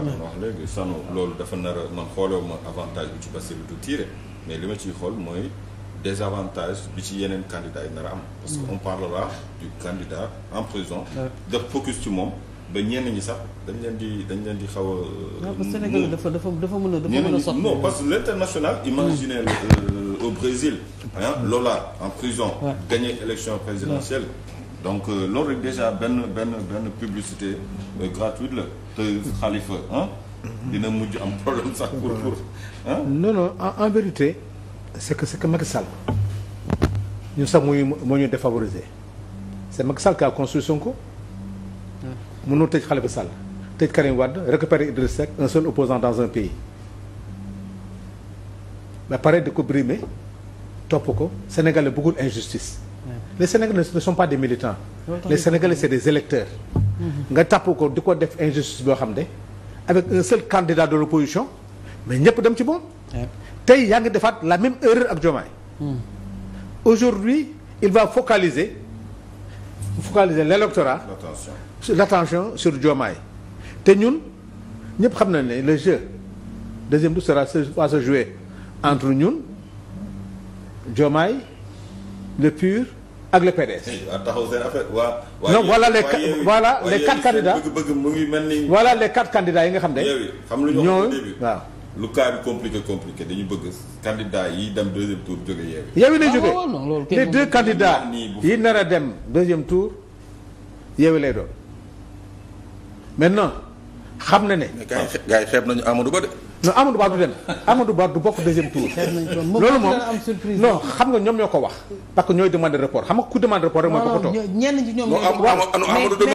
laa doon wax léegi sanu loolu dafa nar a man xoolewu ma avantage bi ci Bassirou du tiré mais li ma ciy xool mooy désavantage bi ci yeneen candidats yi nar a am parce que mm. on parlera du candidat en prison def focus ci moom ba ñenn ñi sax dañ leen di dañ leen di xaw a euh, non parce que Sénégal dafa dafa dafa mën a dafa mën a soxla non parce que l'international mm. imaginez euh, au Brésil hein Lula en prison gagné élection présidentielle donc euh, loolu rek déjà benn benn benn publicité euh, gratuite la te Khalifa dina mujj am problème sax pour pour non non en, en vérité c'est que c'est que Macky Sall ñun sax muy moo ñu défavorisé c'est Macky Sall qui a construit Sonko. mënoo xale Khalifa Sall tëj Karim Wade récupérer Idriss Seck un seul opposant dans un pays mais pare di ko brimer topp ko Sénégalais bëggul injustice. les Sénégalais ne sont pas des militants. les Sénégalais c'est des électeurs. nga tapp ko di ko def injustice boo xam ne avec un seul candidat de l'opposition mais ñëpp dem ci moom. tey yaa ngi defaat la même erreur ak Diomaye. Hmm. aujourd'hui il va focaliser focaliser l'électorat l'attention sur Diomaye te ñun ñëpp xam na ne le jeu deuxième tour sera va se jouer entre ñun Diomaye le pur ak le PDS. taxaw seen affaire waa. non voilà les voilà les quatre bëgg-bëgg mu mel ni. voilà les quatre candidats yi nga xam ne. xam lu ñu wax waaw. lu cas bi compliqué compliqué dañu bëgg candidat yi dem deuxième tour jóge yeewi. yeewi lay ah, jóge les deux candidats yi nar a dem deuxième tour yeewi lay doon maintenant xam na ne. gars yi xeeb nañu Amadou Ba de. non Amadou Ba du dem Amadou Ba du bokk deuxième tour. loolu moom am xam nga ñoom ñoo ko wax. parce que ñooy demander report xam nga ku demande report rek mooy ko toog.